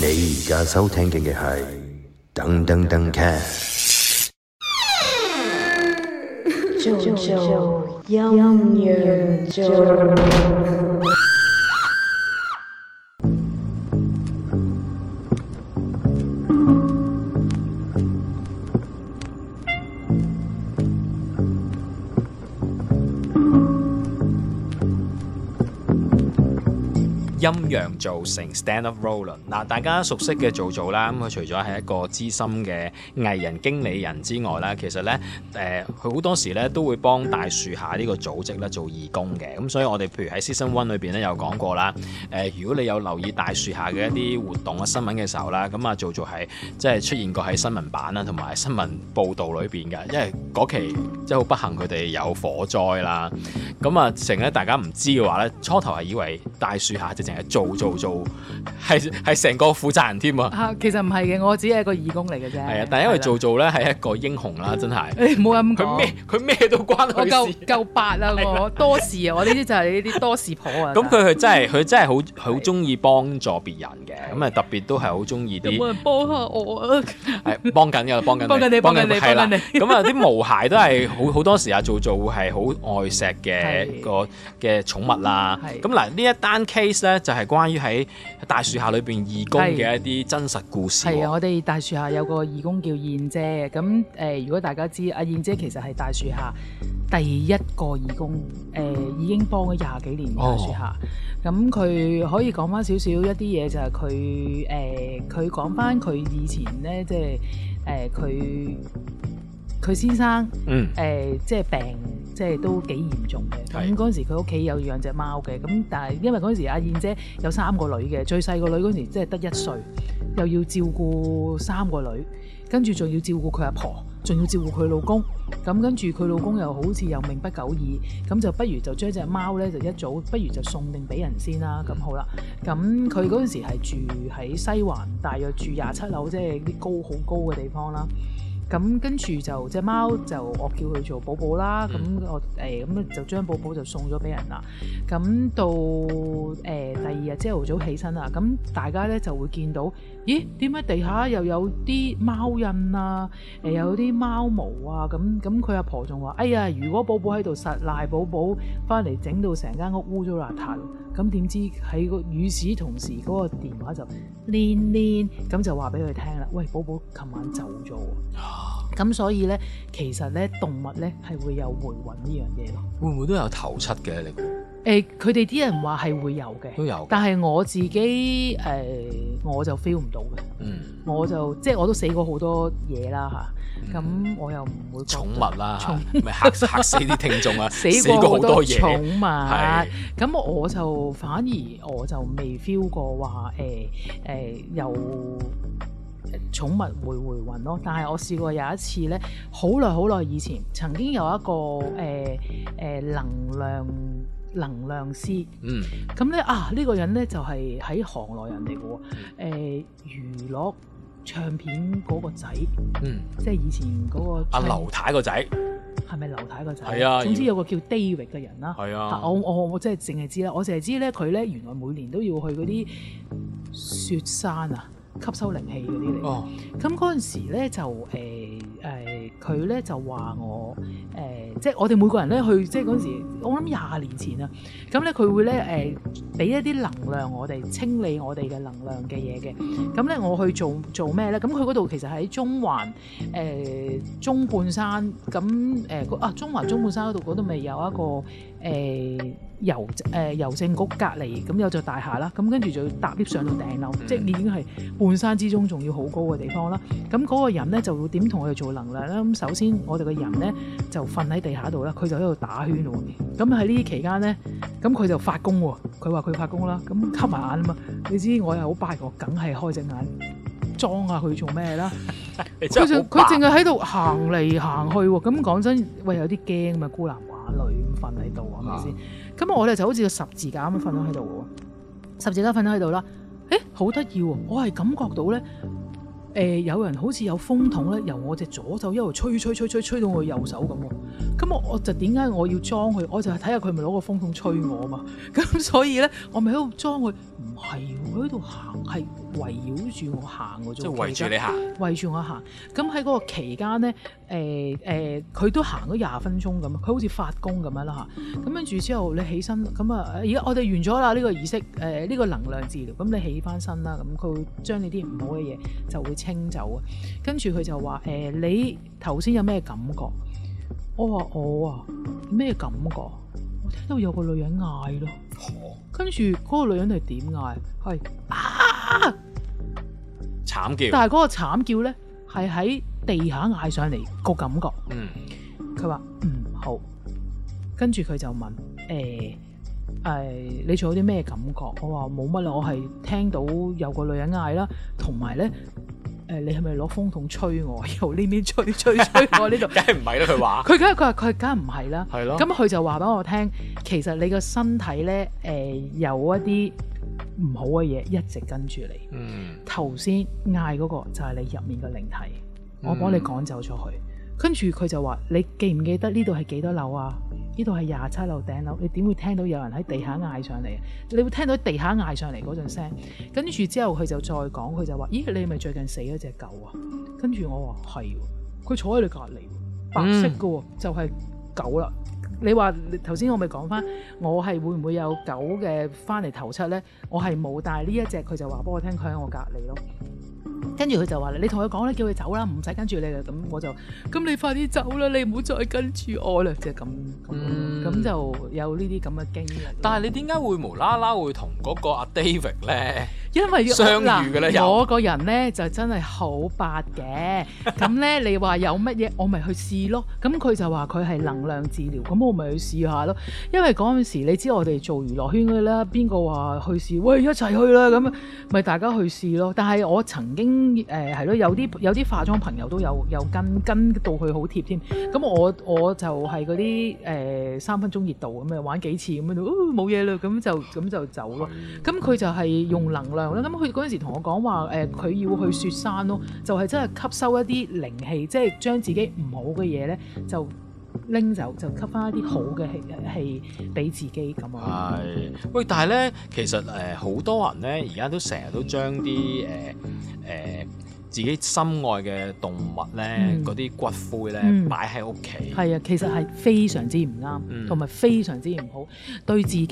你而家收聽嘅係《燈登登 Cast》，做做音源做。陰陽做成 stand-up role 呢？嗱，大家熟悉嘅做做啦。咁佢除咗係一個資深嘅藝人經理人之外啦，其實咧，誒佢好多時咧都會幫大樹下呢個組織咧做義工嘅。咁所以，我哋譬如喺 season one 裏邊咧有講過啦。誒、呃、如果你有留意大樹下嘅一啲活動啊新聞嘅時候啦，咁啊，做做係即係出現過喺新聞版啊同埋新聞報道裏邊嘅。因為嗰期真係好不幸，佢哋有火災啦。咁啊，成日大家唔知嘅話咧，初頭係以為大樹下就淨做做做，係係成個負責人添啊，啊！其實唔係嘅，我只係一個義工嚟嘅啫。係啊，但係因為做做咧，係一個英雄啦，真係。冇咁佢咩？佢咩都關我事。夠夠八啦！我多事啊！我呢啲 就係呢啲多事婆啊！咁佢真係，佢真係好好中意幫助別人嘅。咁啊，特別都係好中意啲。有冇人幫下我啊？係幫緊嘅，幫緊。幫緊你，幫緊你，幫緊你。咁啊，啲毛孩都係好好多時啊，做做係好愛錫嘅個嘅寵物啦。咁嗱，呢一單 case 咧。就係、是、關於喺大樹下裏邊義工嘅一啲真實故事。係啊，我哋大樹下有個義工叫燕姐。咁誒、呃，如果大家知阿、啊、燕姐其實係大樹下第一個義工，誒、呃、已經幫咗廿幾年大樹下。咁、哦、佢可以講返少少一啲嘢，就係佢誒，佢講返佢以前咧，即係誒佢。呃佢先生、嗯呃、即係病，即係都幾嚴重嘅。咁嗰陣時佢屋企有養隻貓嘅。咁但係因為嗰陣時阿燕姐有三個女嘅，最細個女嗰陣時即係得一歲，又要照顧三個女，跟住仲要照顧佢阿婆，仲要照顧佢老公。咁跟住佢老公又好似又命不久矣，咁就不如就將隻貓呢，就一早不如就送定俾人先啦。咁好啦，咁佢嗰陣時係住喺西環，大約住廿七樓，即係啲高好高嘅地方啦。咁跟住就隻貓就我叫佢做寶寶啦，咁、嗯、我咁、欸、就將寶寶就送咗俾人啦。咁到誒、欸、第二日朝頭早起身啦，咁大家咧就會見到。咦？點解地下又有啲貓印啊？誒，有啲貓毛啊？咁咁，佢阿婆仲話：哎呀，如果寶寶喺度實賴，寶寶翻嚟整到成間屋污糟邋遢。咁點知喺個與此同時，嗰個電話就唸唸，咁就話俾佢聽啦：喂，寶寶琴晚走咗喎。咁所以咧，其實咧，動物咧係會有回魂呢樣嘢咯。會唔會都有頭七嘅你？誒，佢哋啲人話係會有嘅，都有。但係我自己誒、呃，我就 feel 唔到嘅。嗯，我就即係、就是、我都死過好多嘢啦，吓、嗯、咁我又唔會。寵物啦，咪吓吓死啲聽眾啊！ 死，眾 死過好多嘢，寵物。咁我就反而我就未 feel 過話誒誒，有、呃、寵、呃、物會回，回魂咯。但係我試過有一次咧，好耐好耐以前，曾經有一個誒誒、呃呃、能量。能量師，咁、嗯、咧啊呢、呢個人呢，就係、是、喺行內人嚟嘅喎，誒、嗯呃、娛樂唱片嗰個仔、嗯，即係以前嗰個阿、啊、劉太個仔，係咪劉太個仔？係啊，總之有個叫 David 嘅人啦，係啊，我我我即係淨係知啦，我淨係知，只知呢，佢呢，原來每年都要去嗰啲雪山啊，吸收靈氣嗰啲嚟。哦，咁嗰陣時咧就誒佢呢，就話、呃呃、我。即係我哋每個人咧去，即係嗰陣時，我諗廿年前啊，咁咧佢會咧誒俾一啲能量我哋清理我哋嘅能量嘅嘢嘅。咁咧我去做做咩咧？咁佢嗰度其實喺中環誒中半山，咁誒啊中環中半山嗰度嗰度咪有一個誒郵誒郵政局隔籬，咁有座大廈啦。咁跟住就要搭 lift 上到頂樓，即係已經係半山之中，仲要好高嘅地方啦。咁嗰個人咧就會點同我哋做能量咧？咁首先我哋嘅人咧就瞓喺地下度啦，佢就喺度打圈咯。咁喺呢期間咧，咁佢就發功喎。佢話佢發功啦，咁吸埋眼啊嘛。你知我又好八卦，梗係開隻眼裝下佢做咩啦。佢 就佢淨係喺度行嚟行去。咁講真，喂有啲驚啊嘛，孤男寡女咁瞓喺度係咪先？咁、啊、我哋就好似個十字架咁瞓咗喺度喎。十字架瞓咗喺度啦。誒、欸，好得意喎，我係感覺到咧。誒有人好似有風筒咧，由我隻左手一路吹吹吹吹吹到我右手咁。咁我我就點解我要裝佢？我就係睇下佢咪攞個風筒吹我嘛。咁、嗯、所以咧，我咪喺度裝佢，唔係佢喺度行，係圍繞住我行嘅啫。即、就、係、是、圍住你行，圍住我行。咁喺嗰個期間咧，誒、呃、誒，佢、呃、都行咗廿分鐘咁。佢好似發功咁樣啦嚇。咁跟住之後，你起身咁啊，而家我哋完咗啦呢個儀式，誒、呃、呢、這個能量治療。咁你起返身啦，咁佢會將你啲唔好嘅嘢就會。傾走啊！跟住佢就話：誒、欸，你頭先有咩感覺？我話我啊，咩、哦、感覺？我聽到有個女人嗌咯。跟住嗰個女人係點嗌？係啊！慘叫。但係嗰個慘叫咧，係喺地下嗌上嚟個感覺。嗯。佢話：嗯好。跟住佢就問：誒、欸，誒、欸，你仲有啲咩感覺？我話冇乜啦，我係聽到有個女人嗌啦，同埋咧。誒，你係咪攞風筒吹我？由呢邊吹吹吹，吹我呢度，梗係唔係啦？佢話佢梗係佢話佢梗係唔係啦？係咯。咁佢就話俾我聽，其實你個身體咧，誒、呃，有一啲唔好嘅嘢一直跟住你。嗯。頭先嗌嗰個就係你入面嘅靈體，我幫你趕走咗佢。嗯。跟住佢就話：你記唔記得呢度係幾多樓啊？呢度係廿七樓頂樓。你點會聽到有人喺地下嗌上嚟啊？你會聽到地下嗌上嚟嗰陣聲。跟住之後佢就再講，佢就話：咦，你係咪最近死咗隻狗啊？跟住我話係，佢坐喺你隔離，白色嘅，就係狗啦。你話頭先我咪講翻，我係會唔會有狗嘅翻嚟頭七咧？我係冇，但係呢一隻佢就話俾我聽，佢喺我隔離咯。跟住佢就話：你同佢講啦，叫佢走啦，唔使跟住你啦。咁我就咁，咁你快啲走啦，你唔好再跟住我啦。就咁咁，咁咁嗯、咁就有呢啲咁嘅經歷。但係你點解會無啦啦會同嗰個阿 David 咧，因為相遇嘅咧？又我個人咧就真係好八嘅。咁 咧，你話有乜嘢，我咪去試咯。咁佢就話佢係能量治療，咁、嗯、我咪去試下咯。因為嗰陣時你知我哋做娛樂圈嘅啦，邊個話去試？喂，一齊去啦！咁咪大家去試咯。但係我曾經。誒係咯，有啲有啲化妝朋友都有有跟跟到佢好貼添，咁、嗯、我我就係嗰啲誒三分鐘熱度咁樣玩幾次咁就「哦，冇嘢啦」，咁就咁就走咯。咁、嗯、佢、嗯嗯、就係用能量啦。咁佢嗰陣時同我講話誒，佢要去雪山咯，就係真係吸收一啲靈氣，即係將自己唔好嘅嘢咧就。拎走就吸翻一啲好嘅氣氣俾自己咁咯。係喂，但係咧，其實誒好、呃、多人咧，而家都成日都將啲誒誒自己心愛嘅動物咧，嗰、嗯、啲骨灰咧擺喺屋企。係、嗯、啊，其實係非常之唔啱，同、嗯、埋非常之唔好，對自己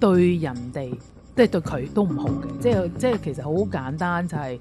對人哋，即係對佢都唔好嘅，即係即係其實好簡單，就係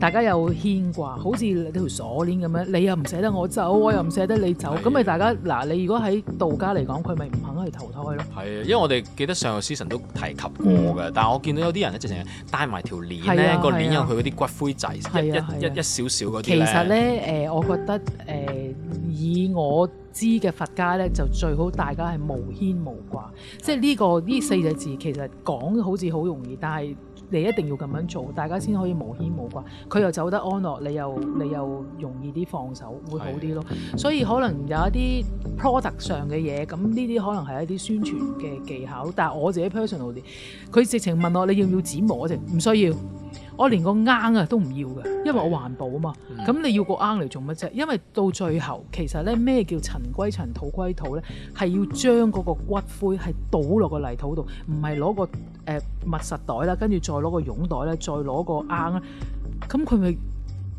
大家有牽掛，好似呢條鎖鏈咁樣，你又唔捨得我走，我又唔捨得你走，咁咪大家嗱，你如果喺道家嚟講，佢咪唔肯去投胎咯。係啊，因為我哋記得上個 season 都提及過嘅，但係我見到有啲人咧，直情帶埋條鏈咧，個鏈有佢嗰啲骨灰仔，一一一少少嗰啲咧。其實咧，誒，我覺得誒。以我知嘅佛家呢，就最好大家係無牽無掛，即係呢個呢四隻字其實講好似好容易，但係你一定要咁樣做，大家先可以無牽無掛。佢又走得安樂，你又你又容易啲放手，會好啲咯的。所以可能有一啲 product 上嘅嘢，咁呢啲可能係一啲宣傳嘅技巧。但係我自己 personal 啲，佢直情問我你要唔要剪毛啊？唔需要，我連個啱啊都唔要嘅。因為我環保啊嘛，咁、嗯、你要個罌嚟做乜啫？因為到最後其實咧，咩叫塵歸塵、土歸土咧？係要將嗰個骨灰係倒落個泥土度，唔係攞個誒、呃、密實袋啦，跟住再攞個絨袋咧，再攞個罌咧，咁佢咪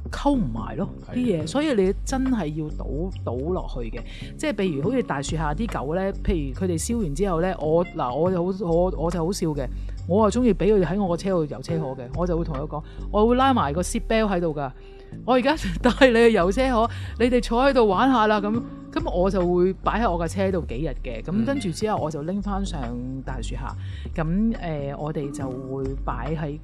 溝唔埋咯啲嘢。所以你真係要倒倒落去嘅，即係譬如好似大樹下啲狗咧，譬如佢哋燒完之後咧，我嗱我就好我我就好笑嘅。我係中意俾佢哋喺我個車度遊車河嘅，我就會同佢講，我會拉埋個 seat belt 喺度噶。我而家帶你去遊車河，你哋坐喺度玩下啦咁，咁我就會擺喺我架車度幾日嘅，咁跟住之後我就拎翻上大樹下，咁誒、呃、我哋就會擺喺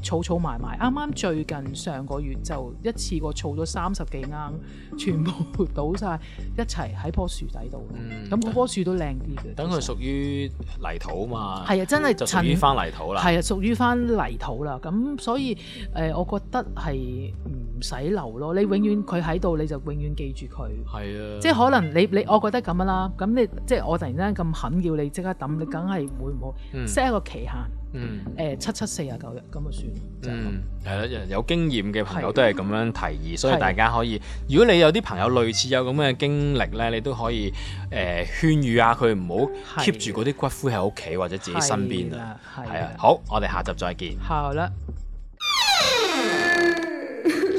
誒草草埋埋，埋，啱啱最近上個月就一次過儲咗三十幾盎，全部倒晒，一齊喺樖樹底度，咁嗰棵樹都靚啲嘅。等佢屬於泥土嘛，係啊，真係就屬於翻泥土啦，係啊，屬於翻泥土啦，咁所以誒、呃，我覺得係嗯。唔使留咯，你永遠佢喺度，你就永遠記住佢。係啊，即係可能你你，我覺得咁樣啦。咁你即係我突然之間咁狠要你即刻抌，你梗係會唔好 set 一個期限。嗯，誒、嗯呃、七七四十九日咁就算。嗯，係、就、啦、是，有經驗嘅朋友都係咁樣提議、啊，所以大家可以。啊、如果你有啲朋友類似有咁嘅經歷咧，你都可以誒、呃、勸喻下佢，唔好 keep 住嗰啲骨灰喺屋企或者自己身邊啊。係啊，好，我哋下集再見。好啦。